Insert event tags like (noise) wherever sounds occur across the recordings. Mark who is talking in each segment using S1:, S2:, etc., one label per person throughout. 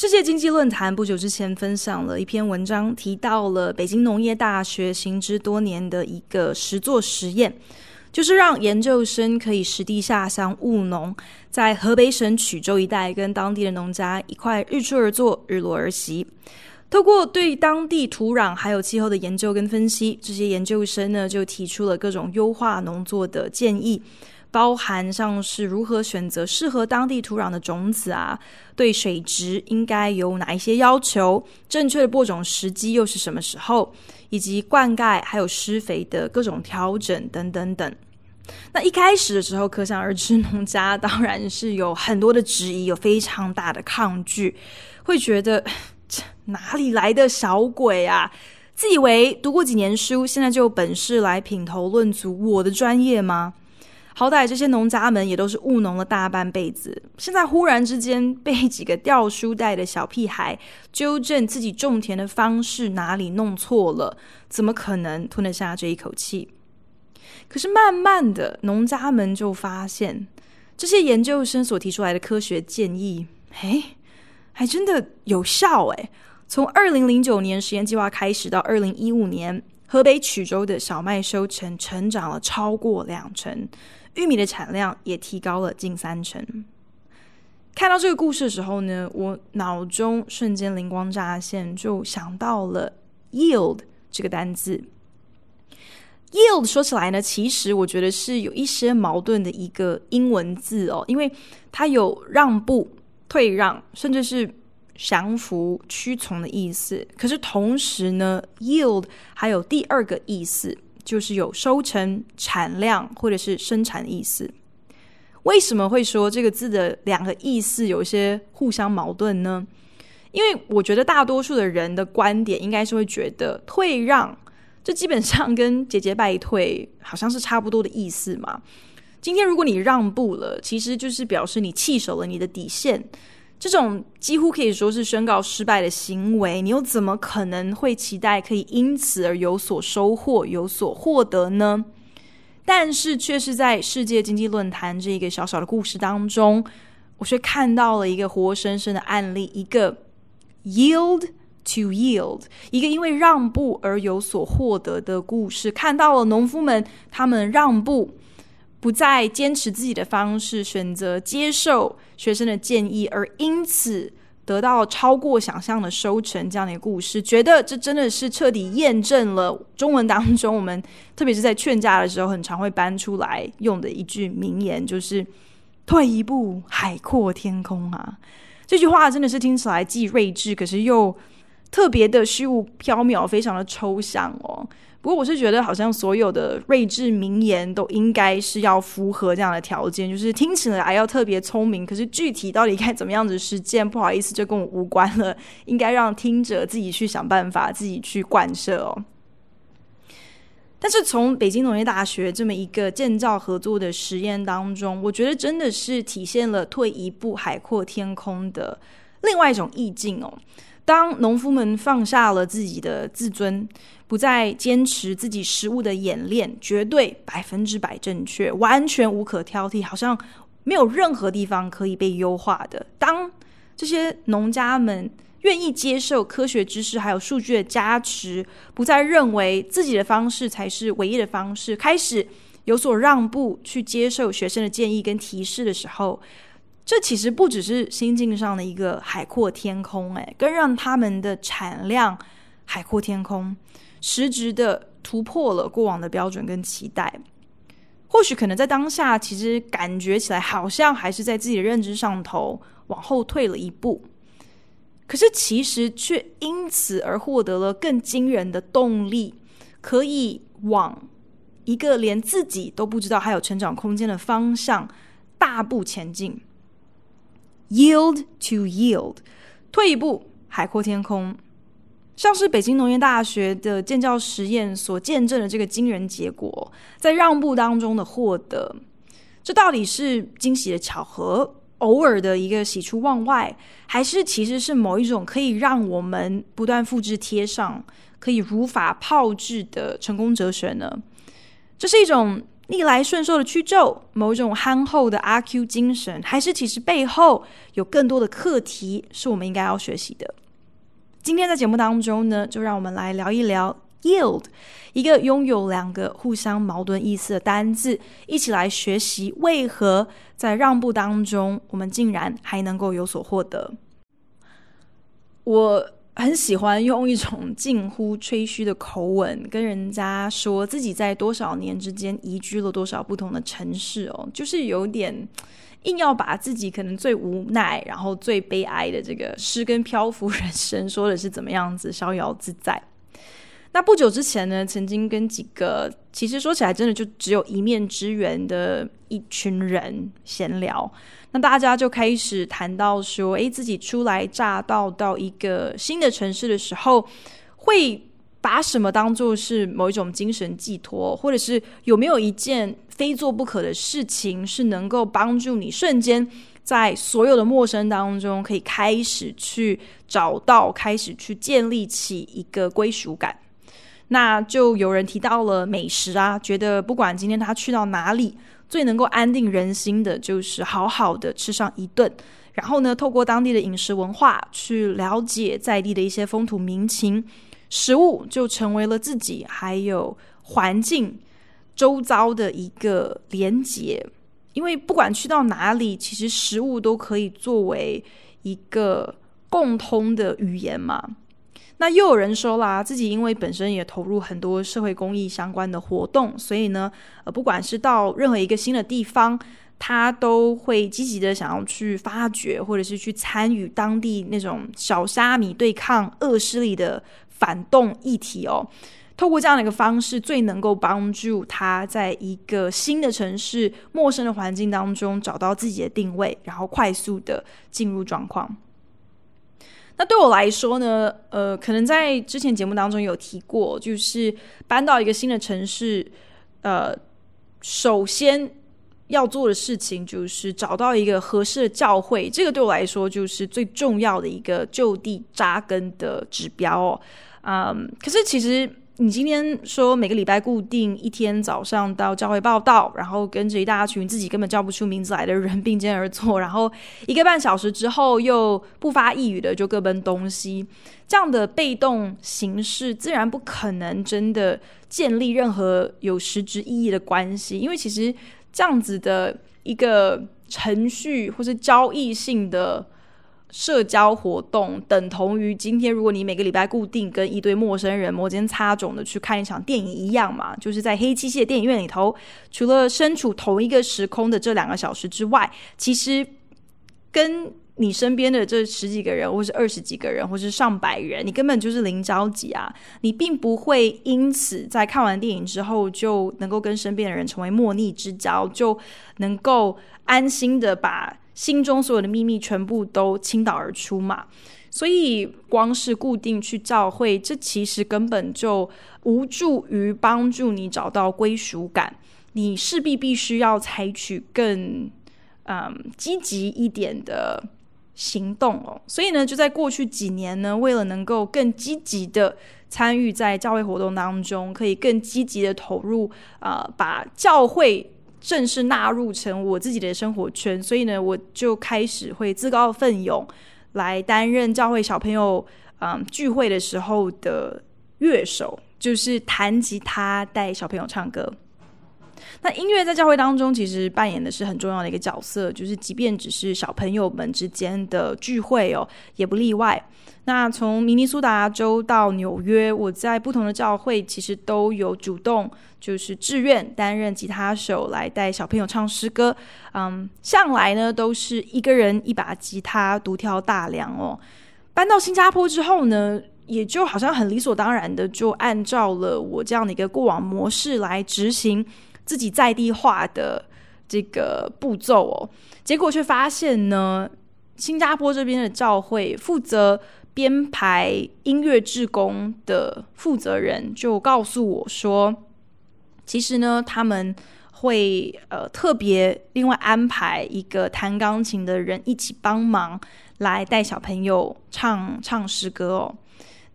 S1: 世界經濟論壇不久之前分享了一篇文章，提到了北京農業大學行之多年的一個實作實驗，就是讓研究生可以實地下鄉務農，在河北省曲周一帶跟當地的農家一塊日出而作，日落而息。透過對當地土壤還有氣候的研究跟分析，這些研究生呢就提出了各種優化農作的建議。包含像是如何選擇適合當地土壤的種子啊，對水質應該有哪一些要求，正確的播種時機又是什麼時候，以及灌溉還有施肥的各種調整等等等。那一開始的時候，可想而知，農家當然是有很多的質疑，有非常大的抗拒，會覺得這哪裡來的小鬼啊，自以為讀過幾年書，現在就有本事來品頭論足我的專業嗎？好歹這些農家們也都是務農了大半輩子，現在忽然之間被幾個掉書袋的小屁孩糾正自己種田的方式哪裡弄錯了，怎麼可能吞得下這一口氣？可是慢慢的，農家們就發現，這些研究生所提出來的科學建議，欸，還真的有效欸！從二零零九年實驗計劃開始到二零一五年，河北曲周的小麥收成成長了超過兩成。玉米的產量也提高了近三成。看到這個故事的時候呢，我腦中瞬間靈光乍現，就想到了 yield 這個單字。yield 說起來呢，其實我覺得是有一些矛盾的一個英文字哦，因為它有讓步、退讓，甚至是降服、屈從的意思。可是同時呢，yield 還有第二個意思。就是有收成、產量或者是生產的意思。為什麼會說這個字的兩個意思有一些互相矛盾呢？因為我覺得大多數的人的觀點應該是會覺得退讓，這基本上跟節節敗退好像是差不多的意思嘛。今天如果你讓步了，其實就是表示你棄守了你的底線。這種幾乎可以說是宣告失敗的行為，你又怎麼可能會期待可以因此而有所收穫、有所獲得呢？但是卻是在世界經濟論壇這一個小小的故事當中，我卻看到了一個活生生的案例，一個 yield to yield，一個因為讓步而有所獲得的故事，看到了農夫們他們讓步，不再堅持自己的方式，選擇接受學生的建議，而因此得到超過想象的收成，這樣的故事，覺得這真的是徹底驗證了中文當中，我們 (laughs) 特別是在勸架的時候，很常會搬出來用的一句名言，就是“退一步，海闊天空”啊。這句話真的是聽起來既睿智，可是又。特別的虛無縹緲，非常的抽象哦。不過我是覺得，好像所有的睿智名言都應該是要符合這樣的條件，就是聽起來要特別聰明。可是具體到底該怎麼樣子實踐，不好意思，就跟我無關了。應該讓聽者自己去想辦法，自己去貫徹哦。但是從北京農業大學這麼一個建造合作的實驗當中，我覺得真的是體現了“退一步海闊天空”的另外一種意境哦。當農夫們放下了自己的自尊，不再堅持自己食物的演練絕對百分之百正確，完全無可挑剔，好像沒有任何地方可以被優化的。當這些農家們願意接受科學知識還有數據的加持，不再認為自己的方式才是唯一的方式，開始有所讓步，去接受學生的建議跟提示的時候，這其實不只是心境上的一個海闊天空，哎，更讓他們的產量海闊天空，實質的突破了過往的標準跟期待。或許可能在當下，其實感覺起來好像還是在自己的認知上頭往後退了一步，可是其實卻因此而獲得了更驚人的動力，可以往一個連自己都不知道還有成長空間的方向大步前進。yield to yield，退一步海闊天空，像是北京農業大學的建教實驗所見證的這個驚人結果，在讓步當中的獲得，這到底是驚喜的巧合，偶爾的一個喜出望外，還是其實是某一種可以讓我們不斷複製、貼上，可以如法炮製的成功哲學呢？這是一種。逆來順受的屈就，某種憨厚的阿 Q 精神，還是其實背後有更多的課題是我們應該要學習的。今天在節目當中呢，就讓我們來聊一聊 yield，一個擁有兩個互相矛盾意思的單字，一起來學習為何在讓步當中，我們竟然還能夠有所獲得。我。很喜歡用一種近乎吹噓的口吻跟人家說自己在多少年之間移居了多少不同的城市哦，就是有點硬要把自己可能最無奈、然後最悲哀的這個失根漂浮人生說的是怎麼樣子逍遙自在。那不久之前呢，曾經跟幾個其實說起來真的就只有一面之緣的一群人閒聊。那大家就開始談到說，哎、欸，自己初來乍到到一個新的城市的時候，會把什麼當作是某一種精神寄託，或者是有沒有一件非做不可的事情，是能夠幫助你瞬間在所有的陌生當中，可以開始去找到，開始去建立起一個歸屬感。那就有人提到了美食啊，覺得不管今天他去到哪裡。最能夠安定人心的，就是好好的吃上一頓，然後呢，透過當地的飲食文化去了解在地的一些風土民情，食物就成為了自己還有環境周遭的一個連結，因為不管去到哪裡，其實食物都可以作為一個共通的語言嘛。那又有人說啦，自己因為本身也投入很多社會公益相關的活動，所以呢，呃，不管是到任何一個新的地方，他都會積極的想要去發掘，或者是去參與當地那種小蝦米對抗惡勢力的反動議題哦。透過這樣的一個方式，最能夠幫助他在一個新的城市、陌生的環境當中找到自己的定位，然後快速的進入狀況。那對我來說呢，呃，可能在之前節目當中有提過，就是搬到一個新的城市，呃，首先要做的事情就是找到一個合適的教會，這個對我來說就是最重要的一個就地紮根的指標哦。嗯，可是其實。你今天說每個禮拜固定一天早上到教會報到，然後跟着一大群自己根本叫不出名字來的人並肩而坐，然後一個半小時之後又不發一語的就各奔東西，這樣的被動形式自然不可能真的建立任何有實質意義的關係，因為其實這樣子的一個程序或是交易性的。社交活動等同於今天，如果你每個禮拜固定跟一堆陌生人摩肩擦踵的去看一場電影一樣嘛，就是在黑漆漆的電影院裡頭，除了身處同一個時空的這兩個小時之外，其實跟你身邊的這十幾個人，或是二十幾個人，或是上百人，你根本就是零交集啊！你並不會因此在看完電影之後就能夠跟身邊的人成為莫逆之交，就能夠安心的把。心中所有的秘密全部都傾倒而出嘛，所以光是固定去教會，這其實根本就無助於幫助你找到歸屬感。你勢必必須要採取更嗯、呃、積極一點的行動哦。所以呢，就在過去幾年呢，為了能夠更積極的參與在教會活動當中，可以更積極的投入啊、呃，把教會。正式納入成我自己的生活圈，所以呢，我就開始會自告奮勇來擔任教會小朋友嗯聚會的時候的樂手，就是彈吉他帶小朋友唱歌。那音樂在教會當中其實扮演的是很重要的一個角色，就是即便只是小朋友們之間的聚會哦，也不例外。那從明尼蘇達州到紐約，我在不同的教會其實都有主動就是志願擔任吉他手來帶小朋友唱詩歌。嗯，向來呢都是一個人一把吉他獨挑大樑哦。搬到新加坡之後呢，也就好像很理所當然的就按照了我這樣的一個過往模式來執行。自己在地化的這個步驟哦，結果卻發現呢，新加坡這邊的教會負責編排音樂志工的負責人就告訴我說，其實呢，他們會呃特別另外安排一個彈鋼琴的人一起幫忙來帶小朋友唱唱詩歌哦。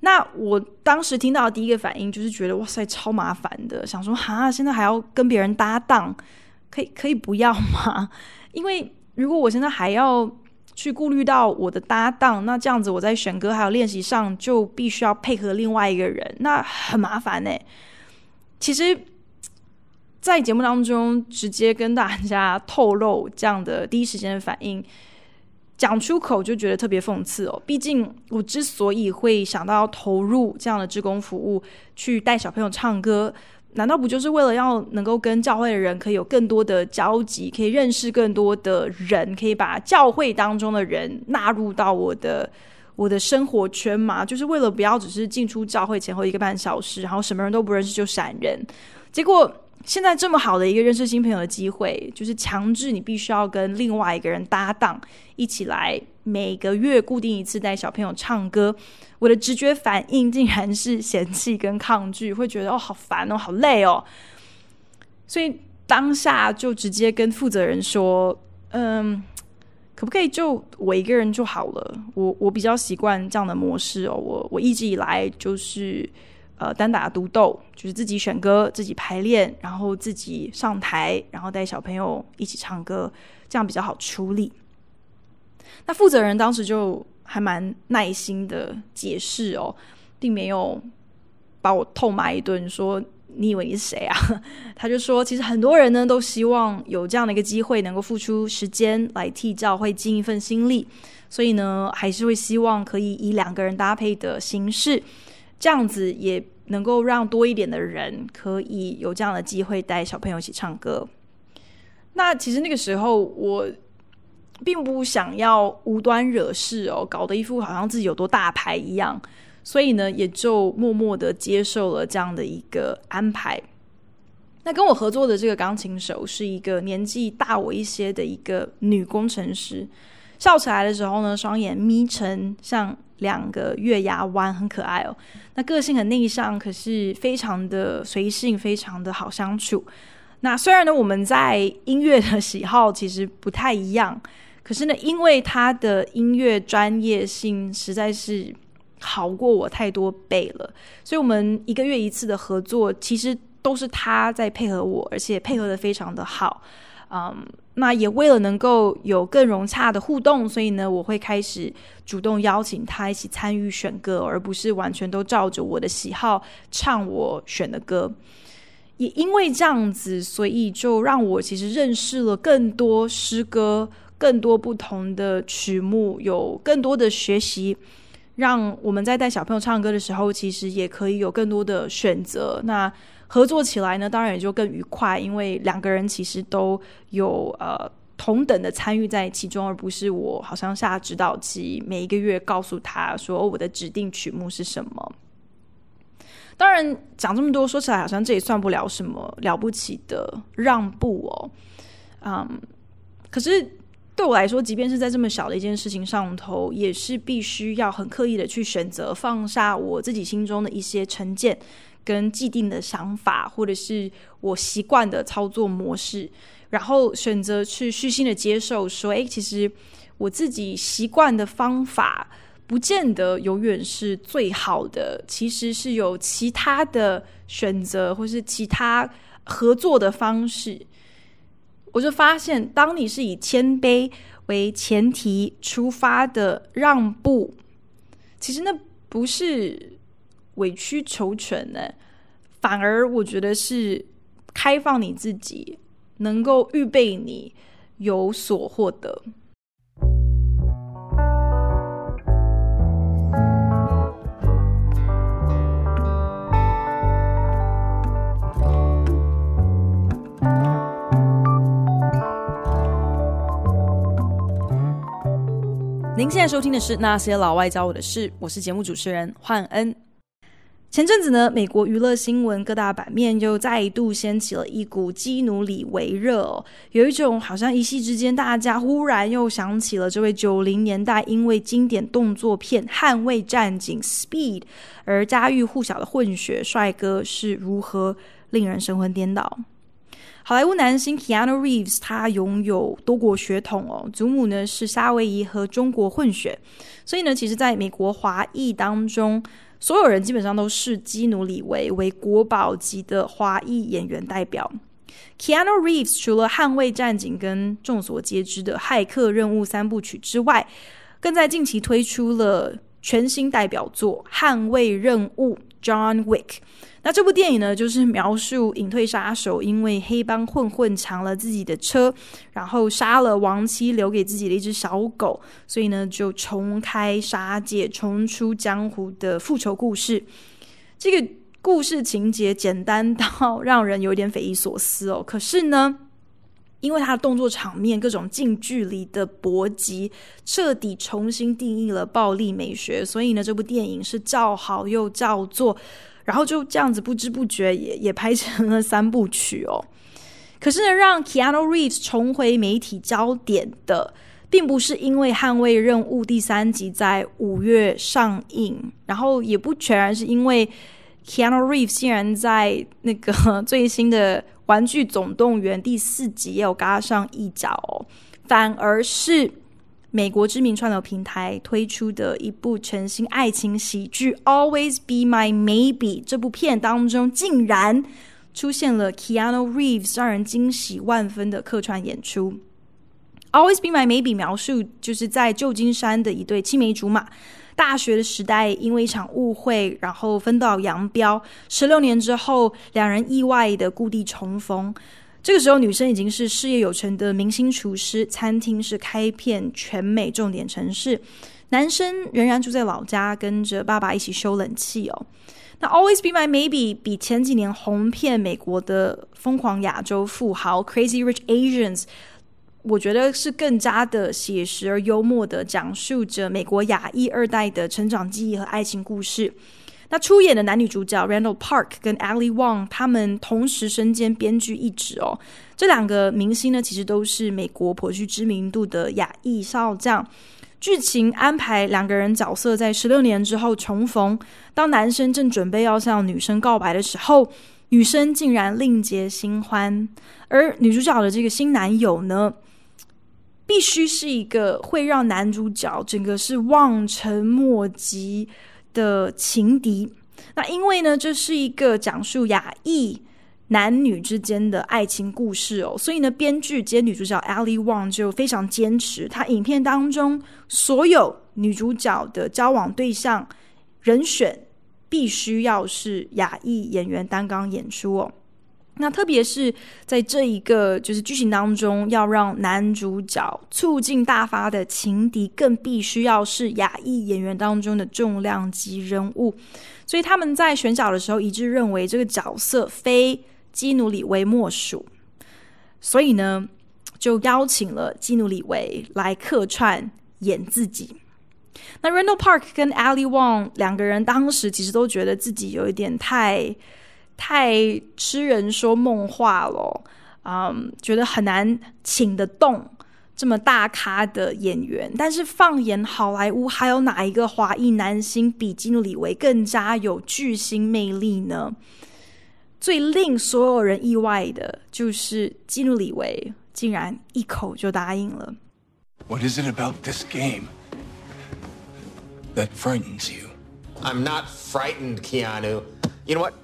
S1: 那我當時聽到的第一個反應就是覺得哇塞，超麻煩的，想說哈、啊，現在還要跟別人搭檔，可以可以不要嘛？因為如果我現在還要去顧慮到我的搭檔，那這樣子我在選歌還有練習上就必須要配合另外一個人，那很麻煩呢、欸。其實，在節目當中直接跟大家透露這樣的第一時間的反應。講出口就覺得特別諷刺哦。畢竟我之所以會想到要投入這樣的志工服務，去帶小朋友唱歌，難道不就是為了要能夠跟教會的人可以有更多的交集，可以認識更多的人，可以把教會當中的人納入到我的我的生活圈嗎？就是為了不要只是進出教會前後一個半小時，然後什麼人都不認識就閃人。結果。現在這麼好的一個認識新朋友的機會，就是強制你必須要跟另外一個人搭檔一起來，每個月固定一次帶小朋友唱歌。我的直覺反應竟然是嫌棄跟抗拒，會覺得哦好煩哦好累哦。所以當下就直接跟負責人說，嗯，可不可以就我一個人就好了？我我比較習慣這樣的模式哦，我我一直以來就是。呃，單打獨鬥就是自己選歌、自己排練，然後自己上台，然後帶小朋友一起唱歌，這樣比較好處理。那負責人當時就還蠻耐心的解釋哦，並沒有把我痛罵一頓說，說你以為你是誰啊？他就說，其實很多人呢都希望有這樣的一個機會，能夠付出時間來替教會盡一份心力，所以呢，還是會希望可以以兩個人搭配的形式，這樣子也。能夠讓多一點的人可以有這樣的機會帶小朋友一起唱歌。那其實那個時候我並不想要無端惹事哦，搞得一副好像自己有多大牌一樣，所以呢也就默默的接受了這樣的一個安排。那跟我合作的這個鋼琴手是一個年紀大我一些的一個女工程師。笑起來的時候呢，雙眼眯成像兩個月牙彎，很可愛哦。那個性很內向，可是非常的隨性，非常的好相處。那雖然呢，我們在音樂的喜好其實不太一樣，可是呢，因為他的音樂專業性實在是好過我太多倍了，所以我們一個月一次的合作，其實都是他在配合我，而且配合得非常的好。嗯，um, 那也為了能夠有更融洽的互動，所以呢，我會開始主動邀請他一起參與選歌，而不是完全都照着我的喜好唱我選的歌。也因為這樣子，所以就讓我其實認識了更多詩歌，更多不同的曲目，有更多的學習，讓我們在帶小朋友唱歌的時候，其實也可以有更多的選擇。那。合作起來呢，當然也就更愉快，因為兩個人其實都有呃同等的參與在其中，而不是我好像下指導棋，每一個月告訴他說，我的指定曲目是什麼。當然講這麼多，說起來好像這也算不了什麼了不起的讓步哦，嗯，可是對我來說，即便是在這麼小的一件事情上頭，也是必須要很刻意的去選擇放下我自己心中的一些成見，跟既定的想法，或者是我習慣的操作模式，然後選擇去虛心的接受，說：“誒、欸，其實我自己習慣的方法，不見得永遠是最好的。其實是有其他的選擇，或是其他合作的方式。”我就發現，當你是以謙卑為前提出發的讓步，其實那不是。委曲求全呢，反而我覺得是開放你自己，能夠預備你有所獲得。您現在收聽的是《那些老外教我的事》，我是節目主持人煥恩。前陣子呢，美國娛樂新聞各大版面又再度掀起了一股基努李維熱哦，有一種好像一夕之間，大家忽然又想起了這位九零年代因為經典動作片《捍衛戰警 Speed》而家喻戶曉的混血帥哥是如何令人神魂顛倒。好萊塢男星 Keanu Reeves 他擁有多國血統哦，祖母呢是夏威夷和中國混血，所以呢，其實，在美國華裔當中。所有人基本上都視基努·李維為國寶級的華裔演員代表。Keanu Reeves 除了《捍衛戰警》跟眾所皆知的《駭客任務》三部曲之外，更在近期推出了全新代表作《捍衛任務》。John Wick，那這部電影呢，就是描述隱退殺手因為黑幫混混搶了自己的車，然後殺了亡妻留給自己的一隻小狗，所以呢就重開殺戒，重出江湖的復仇故事。這個故事情節簡單到讓人有點匪夷所思哦，可是呢。因為他的動作場面、各種近距離的搏擊，徹底重新定義了暴力美學。所以呢，這部電影是叫好又叫座，然後就這樣子不知不覺也也拍成了三部曲哦。可是呢，讓 Keanu Reeves 重回媒體焦點的，並不是因為《捍衛任務》第三集在五月上映，然後也不全然是因為。Keanu Reeves 竟然在那個最新的《玩具總動員》第四集也有加上一腳哦，反而是美國知名串流平台推出的一部全新愛情喜劇《Always Be My Maybe》這部片當中，竟然出現了 Keanu Reeves 讓人驚喜萬分的客串演出。《Always Be My Maybe》描述就是在舊金山的一對青梅竹馬。大學的時代，因為一場誤會，然後分道揚鑣。十六年之後，兩人意外地故地重逢。這個時候，女生已經是事業有成的明星廚師，餐廳是開遍全美重點城市。男生仍然住在老家，跟着爸爸一起修冷氣哦。那 Always Be My Maybe 比前幾年紅遍美國的瘋狂亞洲富豪 Crazy Rich Asians。我覺得是更加的寫實而幽默的講述着美國亞裔二代的成長記憶和愛情故事。那出演的男女主角 Randall Park 跟 Ali Wong，他們同時身兼編劇一職哦。這兩個明星呢，其實都是美國頗具知名度的亞裔少將。劇情安排兩個人角色在十六年之後重逢，當男生正準備要向女生告白的時候，女生竟然另結新歡，而女主角的這個新男友呢？必須是一個會讓男主角整個是望塵莫及的情敵。那因為呢，這是一個講述亞裔男女之間的愛情故事哦，所以呢，編劇兼女主角 Ali Wong 就非常堅持，她影片當中所有女主角的交往對象人選必須要是亞裔演員擔綱演出哦。那特別是在這一個就是劇情當中，要讓男主角促進大發的情敵，更必須要是亞裔演員當中的重量級人物。所以他們在選角的時候一致認為這個角色非基努李維莫屬。所以呢，就邀請了基努李維來客串演自己。那 Randall Park 跟 Ali Wong 兩個人當時其實都覺得自己有一點太。太痴人說夢話了，嗯, um, 覺得很難請得動這麼大咖的演員。但是放眼好萊塢，還有哪一個華裔男星比基努李維更加有巨星魅力呢？最令所有人意外的就是基努李維竟然一口就答應了。What is it about this game that frightens you? I'm not frightened, Keanu. You know what?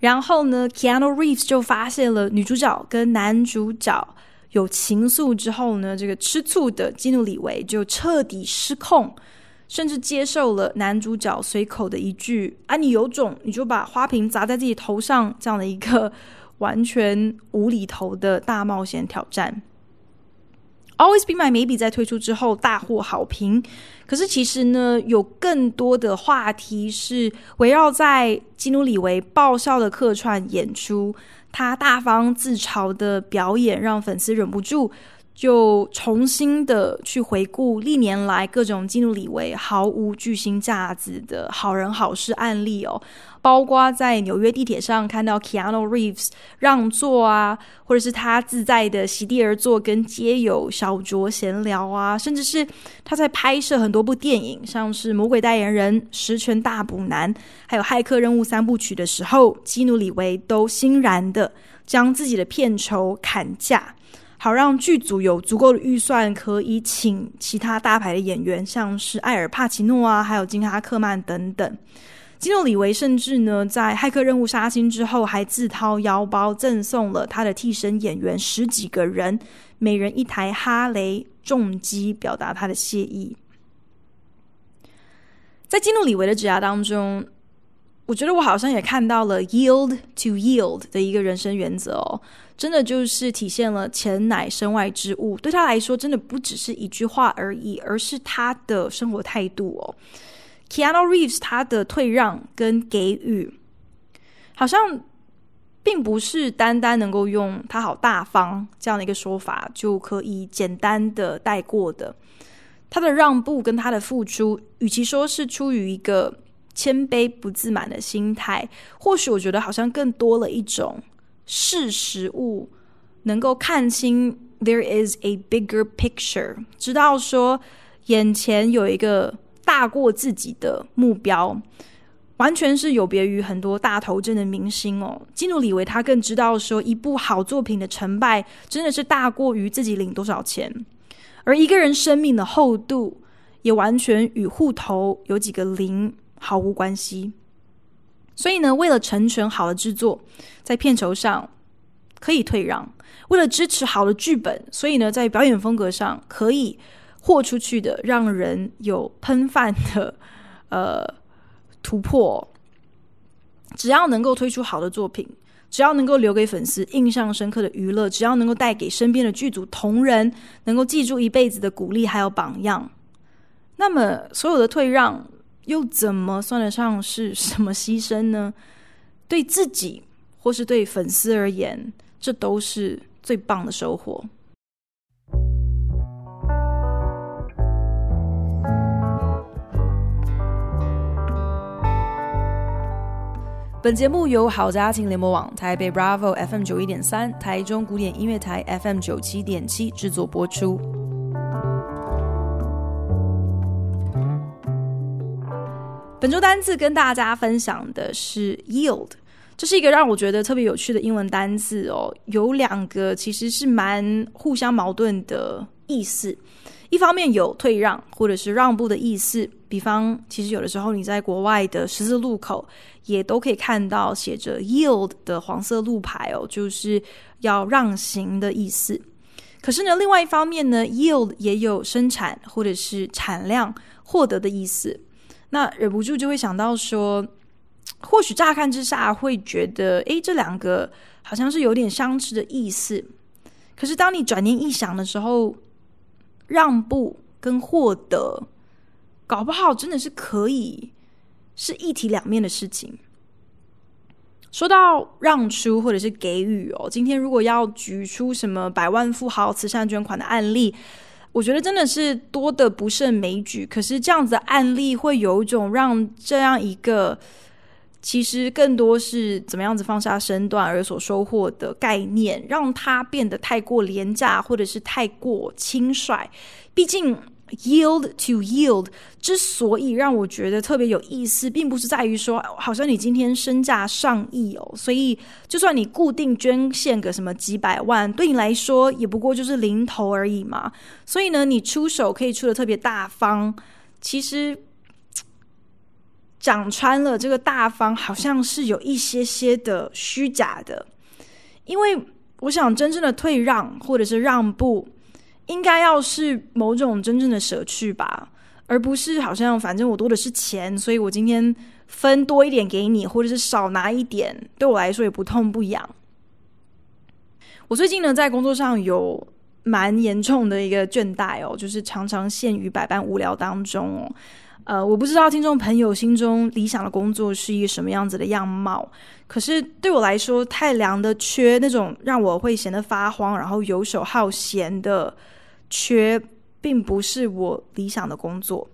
S1: 然後呢，Keanu Reeves 就發現了女主角跟男主角有情愫之後呢，這個吃醋的基努李維就徹底失控，甚至接受了男主角隨口的一句“啊，你有種，你就把花瓶砸在自己頭上”這樣的一個完全無厘頭的大冒險挑戰。Always Be My Maybe 在推出之後大獲好評，可是其實呢，有更多的話題是圍繞在基努李維爆笑的客串演出，他大方自嘲的表演讓粉絲忍不住就重新的去回顧歷年來各種基努李維毫無巨星架子的好人好事案例哦。包括在紐約地鐵上看到 Keanu Reeves 讓座啊，或者是他自在的席地而坐，跟街友小酌閒聊啊，甚至是他在拍攝很多部電影，像是《魔鬼代言人》《十全大補男》，還有《駭客任務》三部曲的時候，基努·李維都欣然的將自己的片酬砍價，好讓劇組有足夠的預算，可以請其他大牌的演員，像是艾爾·帕奇諾啊，還有金哈克曼等等。基努·里維甚至呢，在《駭客任務》殺青之後，還自掏腰包贈送了他的替身演員十幾個人，每人一台哈雷重機，表達他的謝意。在基努·里維的職涯當中，我覺得我好像也看到了 “yield to yield” 的一個人生原則哦，真的就是體現了“錢乃身外之物”，對他來說，真的不只是一句話而已，而是他的生活態度哦。Keanu Reeves，他的退讓跟給予，好像並不是單單能夠用“他好大方”這樣的一個說法就可以簡單的帶過的。他的讓步跟他的付出，與其說是出於一個謙卑不自滿的心態，或許我覺得好像更多了一種是食物，能夠看清 “There is a bigger picture”，直到說眼前有一個大過自己的目標，完全是有別於很多大頭症的明星哦。基努李維他更知道說，一部好作品的成敗，真的是大過於自己領多少錢，而一個人生命的厚度，也完全與戶頭有幾個零毫無關係。所以呢，為了成全好的制作，在片酬上可以退讓；為了支持好的劇本，所以呢，在表演風格上可以。豁出去的，讓人有噴飯的，呃，突破。只要能夠推出好的作品，只要能夠留給粉絲印象深刻的娛樂，只要能夠帶給身邊的劇組同仁能夠記住一輩子的鼓勵還有榜樣，那麼所有的退讓又怎麼算得上是什麼犧牲呢？對自己或是對粉絲而言，這都是最棒的收穫。本節目由好家庭聯播網、台北 Bravo FM 九一點三、台中古典音樂台 FM 九七點七制作播出。本周單字跟大家分享的是 “yield”，這是一個讓我覺得特別有趣的英文單字哦，有兩個其實是蠻互相矛盾的意思。一方面有退讓或者是讓步的意思，比方其實有的時候你在國外的十字路口也都可以看到寫着 yield 的黃色路牌哦，就是要讓行的意思。可是呢，另外一方面呢，yield 也有生產或者是產量獲得的意思。那忍不住就會想到說，或許乍看之下會覺得，哎、欸，這兩個好像是有點相斥的意思。可是當你轉念一想的時候，讓步跟獲得，搞不好真的是可以是一體兩面的事情。說到讓出或者是給予哦，今天如果要舉出什麼百萬富豪慈善捐款的案例，我覺得真的是多得不勝枚舉。可是這樣子的案例會有一種讓這樣一個。其實更多是怎麼樣子放下身段而所收穫的概念，讓它變得太過廉價或者是太過輕率。畢竟，yield to yield 之所以讓我覺得特別有意思，並不是在於說，好像你今天身價上億哦，所以就算你固定捐獻個什麼幾百萬，對你來說也不過就是零頭而已嘛。所以呢，你出手可以出的特別大方，其實。講穿了，這個大方好像是有一些些的虛假的，因為我想真正的退讓或者是讓步，應該要是某種真正的捨去吧，而不是好像反正我多的是錢，所以我今天分多一點給你，或者是少拿一點，對我來說也不痛不癢。我最近呢，在工作上有蠻嚴重的一個倦怠哦，就是常常陷於百般無聊當中哦。呃，我不知道聽眾朋友心中理想的工作是一個什麼樣子的樣貌。可是對我來說，太涼的缺，那種讓我會閒得發慌，然後遊手好閒的缺，並不是我理想的工作。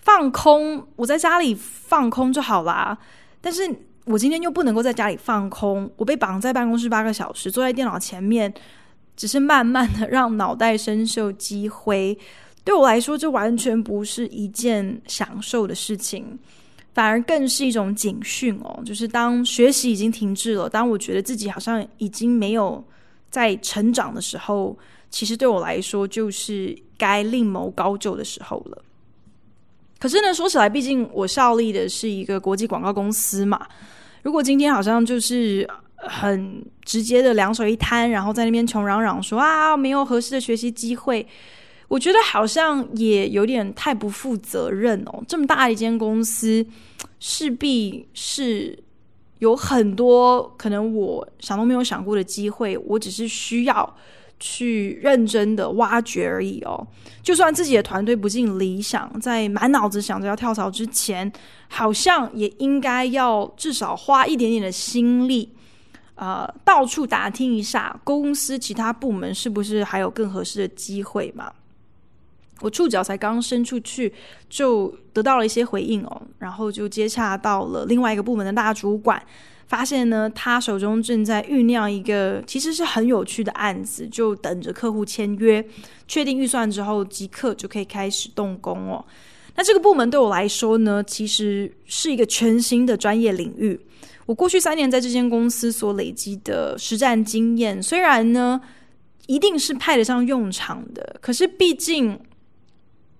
S1: 放空，我在家裡放空就好啦。但是我今天又不能夠在家裡放空，我被綁在辦公室八個小時，坐在電腦前面，只是慢慢的讓腦袋深受積灰。對我來說，這完全不是一件享受的事情，反而更是一種警訊哦。就是當學習已經停滯了，當我覺得自己好像已經沒有在成長的時候，其實對我來說，就是該另謀高就的時候了。可是呢，說起來，畢竟我效力的是一個國際廣告公司嘛。如果今天好像就是很直接的兩手一攤，然後在那邊窮嚷嚷說啊，沒有合適的學習機會。我覺得好像也有點太不負責任哦。這麼大一間公司，勢必是有很多可能，我想都沒有想過的機會。我只是需要去認真的挖掘而已哦。就算自己的團隊不盡理想，在滿腦子想着要跳槽之前，好像也應該要至少花一點點的心力，啊、呃，到處打聽一下公司其他部門是不是還有更合適的機會嘛。我觸角才剛伸出去，就得到了一些回應哦，然後就接洽到了另外一個部門的大主管，發現呢，他手中正在醞釀一個其實是很有趣的案子，就等着客戶簽約、確定預算之後，即刻就可以開始動工哦。那這個部門對我來說呢，其實是一個全新的專業領域。我過去三年在這間公司所累積的實戰經驗，雖然呢一定是派得上用場的，可是畢竟。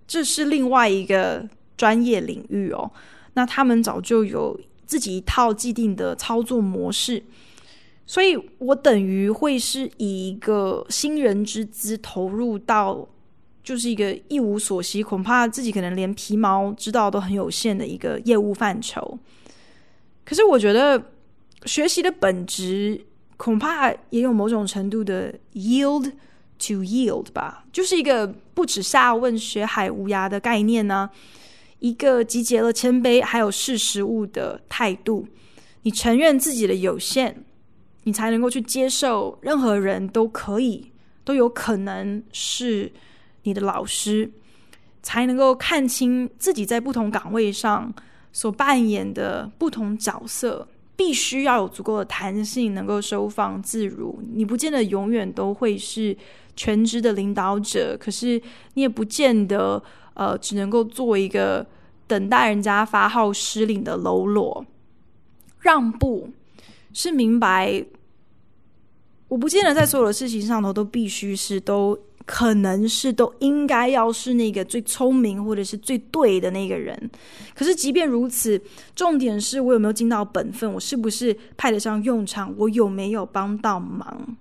S1: 這是另外一個專業領域哦，那他們早就有自己一套既定的操作模式，所以我等於會是以一個新人之姿投入到，就是一個一無所知，恐怕自己可能連皮毛知道都很有限的一個業務範疇。可是我覺得學習的本質，恐怕也有某種程度的 yield。to yield 吧，就是一個不恥下問、學海無涯的概念呢、啊。一個集結了謙卑還有事實物的態度，你承認自己的有限，你才能夠去接受任何人都可以，都有可能是你的老師，才能夠看清自己在不同崗位上所扮演的不同角色。必須要有足夠的彈性，能夠收放自如。你不見得永遠都會是。全職的領導者，可是你也不見得，呃，只能夠做一個等待人家發號施令的嘍囉。讓步是明白，我不見得在所有的事情上頭都，都必須是，都可能是，都應該要是那個最聰明或者是最對的那個人。可是即便如此，重點是我有沒有盡到本分，我是不是派得上用場，我有沒有幫到忙。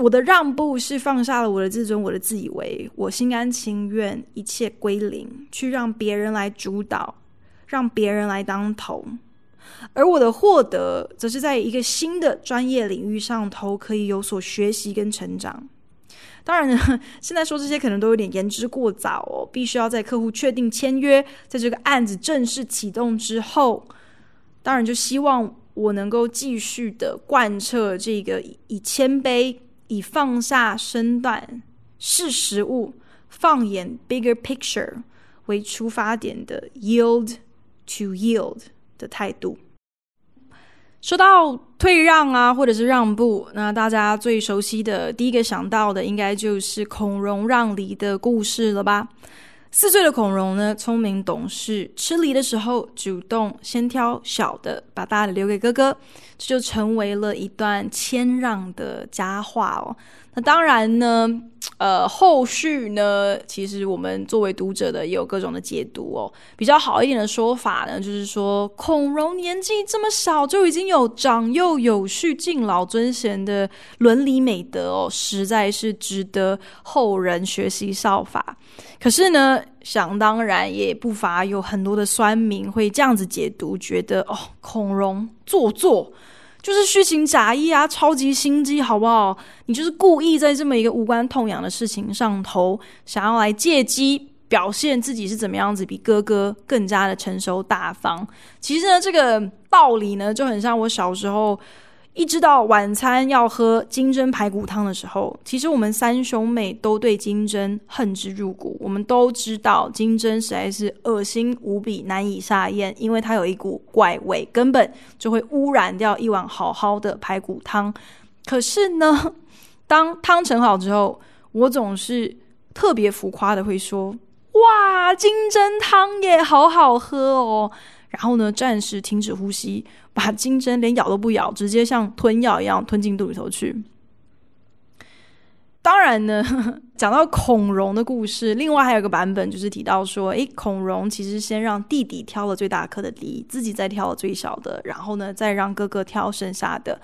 S1: 我的讓步是放下了我的自尊，我的自以為，我心甘情願一切歸零，去讓別人來主導，讓別人來當頭，而我的獲得，則是在一個新的專業領域上頭可以有所學習跟成長。當然，現在說這些可能都有點言之過早哦，必須要在客戶確定簽約，在這個案子正式啟動之後，當然就希望我能夠繼續的貫徹這個以謙卑，以放下身段、視實物、放眼 bigger picture 為出發點的 yield to yield 的態度。說到退讓啊，或者是讓步，那大家最熟悉的第一個想到的，應該就是孔融讓梨的故事了吧。四歲的孔融呢，聰明懂事，吃梨的時候主動先挑小的，把大的留給哥哥，這就，就成為了一段謙讓的佳話哦。那當然呢。呃，後續呢，其實我們作為讀者的也有各種的解讀哦。比較好一點的說法呢，就是說孔融年紀這麼小，就已經有長幼有序、敬老尊賢的倫理美德哦，實在是值得後人學習效法。可是呢，想當然也不乏有很多的酸民會這樣子解讀，覺得哦，孔融做作。就是虛情假意啊，超級心機，好不好？你就是故意在這麼一個無關痛癢的事情上頭，想要來借機表現自己是怎麼樣子，比哥哥更加的成熟大方。其實呢，這個道理呢，就很像我小時候。一直到晚餐要喝金針排骨湯的時候，其實我們三兄妹都對金針恨之入骨。我們都知道金針實在是噁心無比，難以下嚥，因為它有一股怪味，根本就會污染掉一碗好好的排骨湯。可是呢，當湯盛好之後，我總是特別浮誇的會說：“哇，金針湯也好好喝哦。”然後呢，暫時停止呼吸。把金針連咬都不咬，直接像吞藥一樣吞進肚裡頭去。當然呢，講到孔融的故事，另外還有一個版本，就是提到說，哎，孔融其實先讓弟弟挑了最大顆的梨，自己再挑了最小的，然後呢，再讓哥哥挑剩下的。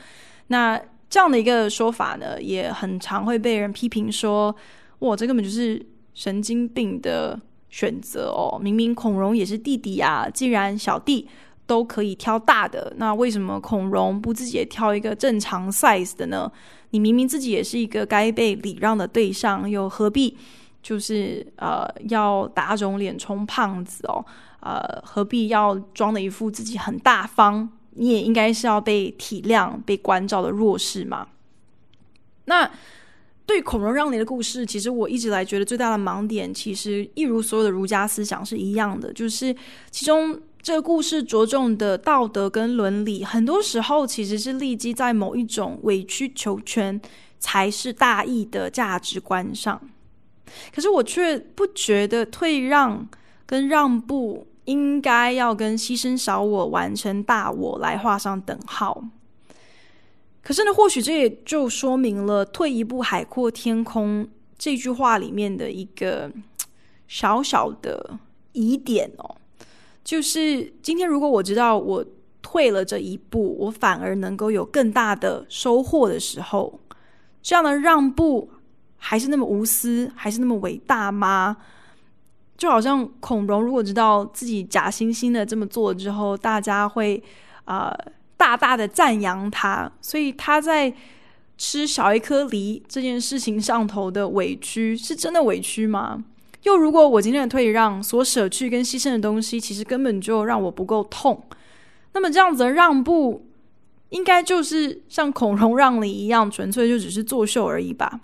S1: 那這樣的一個說法呢，也很常會被人批評說，哇，這根本就是神經病的選擇哦！明明孔融也是弟弟呀，啊，既然小弟，都可以挑大的，那為什麼孔融不自己也挑一個正常 size 的呢？你明明自己也是一個該被禮讓的對象，又何必就是呃要打腫臉充胖子哦？呃，何必要裝的一副自己很大方？你也應該是要被體諒、被關照的弱勢嘛？那。對孔融讓梨的故事，其實我一直來覺得最大的盲點，其實一如所有的儒家思想是一樣的，就是其中這個故事着重的道德跟倫理，很多時候其實是立基在某一種委曲求全才是大義的價值觀上。可是我卻不覺得退讓跟讓步應該要跟犧牲小我完成大我來畫上等號。可是呢，或許這也就說明了“退一步海闊天空”這句話裡面的一個小小的疑點哦，就是今天如果我知道我退了這一步，我反而能夠有更大的收穫的時候，這樣的讓步還是那麼無私，還是那麼偉大嗎？就好像孔融，如果知道自己假惺惺的這麼做之後，大家會啊。呃大大的讚揚他，所以他在吃小一顆梨這件事情上頭的委屈，是真的委屈嗎？又如果我今天的退讓所捨去跟犧牲的東西，其實根本就讓我不夠痛。那麼這樣子的讓步，應該就是像孔融讓梨一樣，純粹就只是作秀而已吧？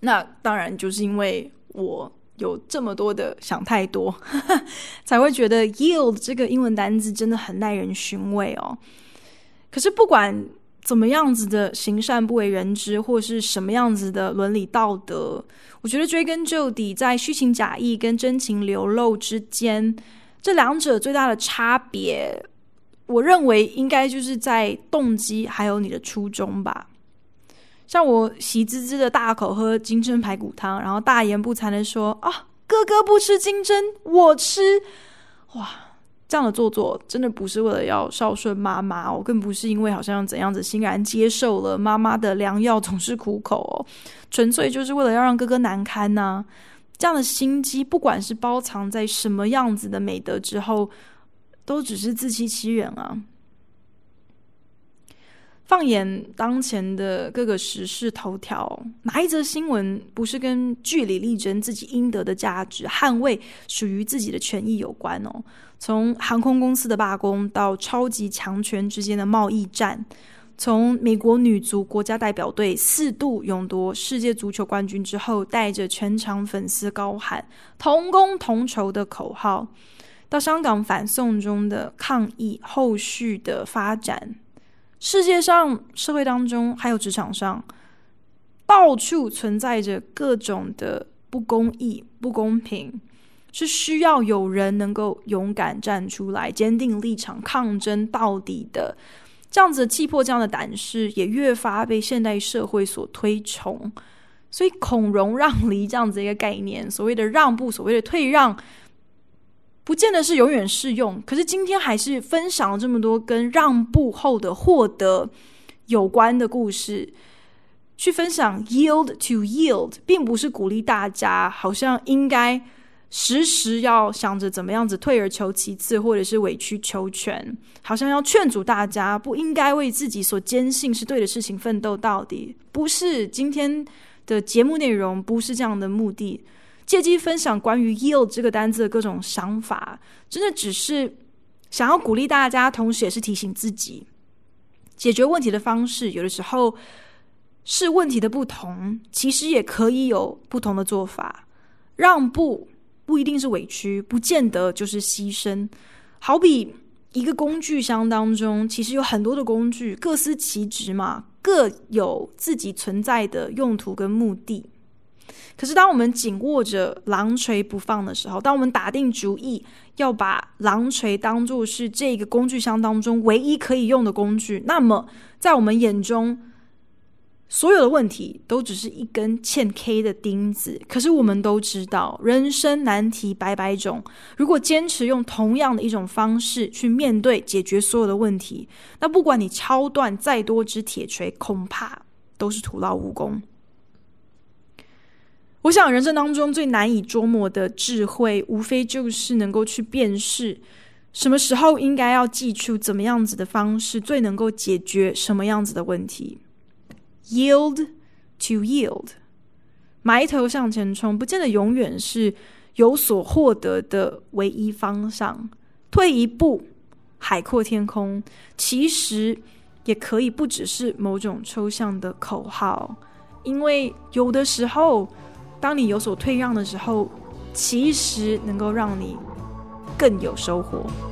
S1: 那當然，就是因為我有這麼多的想太多，呵呵，才會覺得 yield 這個英文單詞真的很耐人尋味哦。可是不管怎麼樣子的行善不為人知，或是什麼樣子的倫理道德，我覺得追根究底，在虛情假意跟真情流露之間，這兩者最大的差別，我認為應該就是在動機還有你的初衷吧。像我喜滋滋的大口喝金針排骨湯，然後大言不慚的說：“啊，哥哥不吃金針，我吃。”哇！這樣的做作，真的不是為了要孝順媽媽哦，更不是因為好像怎樣子欣然接受了媽媽的良藥總是苦口哦，純粹就是為了要讓哥哥難堪呢、啊？這樣的心機，不管是包藏在什麼樣子的美德之後，都只是自欺欺人啊！放眼當前的各個時事頭條，哪一則新聞不是跟據理力爭自己應得的價值，捍衛屬於自己的權益有關哦？從航空公司的罷工到超級強權之間的貿易戰，從美國女足國家代表隊四度勇奪世界足球冠軍之後，帶着全場粉絲高喊“同工同酬”的口號，到香港反送中的抗議後續的發展，世界上社會當中還有職場上，到處存在着各種的不公義、不公平。是需要有人能夠勇敢站出來，堅定立場，抗爭到底的。這樣子的氣魄，這樣的膽識，也越發被現代社會所推崇。所以，孔融讓梨這樣子一個概念，所謂的讓步，所謂的退讓，不見得是永遠適用。可是，今天還是分享了這麼多跟讓步後的獲得有關的故事，去分享 yield to yield，並不是鼓勵大家，好像應該。時時要想着怎麼樣子退而求其次，或者是委曲求全，好像要勸阻大家不應該為自己所堅信是對的事情奮鬥到底。不是今天的節目內容，不是這樣的目的。借機分享關於 yield 這個單字的各種想法，真的只是想要鼓勵大家，同時也是提醒自己，解決問題的方式有的時候是問題的不同，其實也可以有不同的做法，讓步。不一定是委屈，不見得就是犧牲。好比一個工具箱當中，其實有很多的工具，各司其職嘛，各有自己存在的用途跟目的。可是，當我們緊握着榔錘不放的時候，當我們打定主意要把榔錘當做是這個工具箱當中唯一可以用的工具，那麼在我們眼中。所有的問題都只是一根欠 K 的釘子，可是我們都知道，人生難題百百種。如果堅持用同樣的一種方式去面對解決所有的問題，那不管你敲斷再多支鐵錘，恐怕都是徒勞無功。我想，人生當中最難以捉摸的智慧，無非就是能夠去辨識什麼時候應該要記住怎麼樣子的方式，最能夠解決什麼樣子的問題。yield to yield，埋頭向前衝，不見得永遠是有所獲得的唯一方向。退一步，海闊天空，其實也可以不只是某種抽象的口號。因為有的時候，當你有所退讓的時候，其實能夠讓你更有收穫。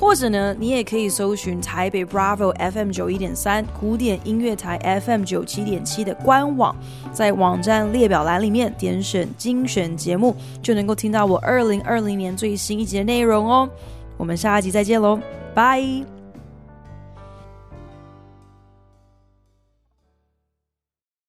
S1: 或者呢，你也可以搜尋台北 Bravo FM 九一點三古典音樂台 FM 九七點七的官網，在網站列表欄裡面點選精選節目，就能夠聽到我二零二零年最新一集的內容哦。我們下一集再見嘍，拜。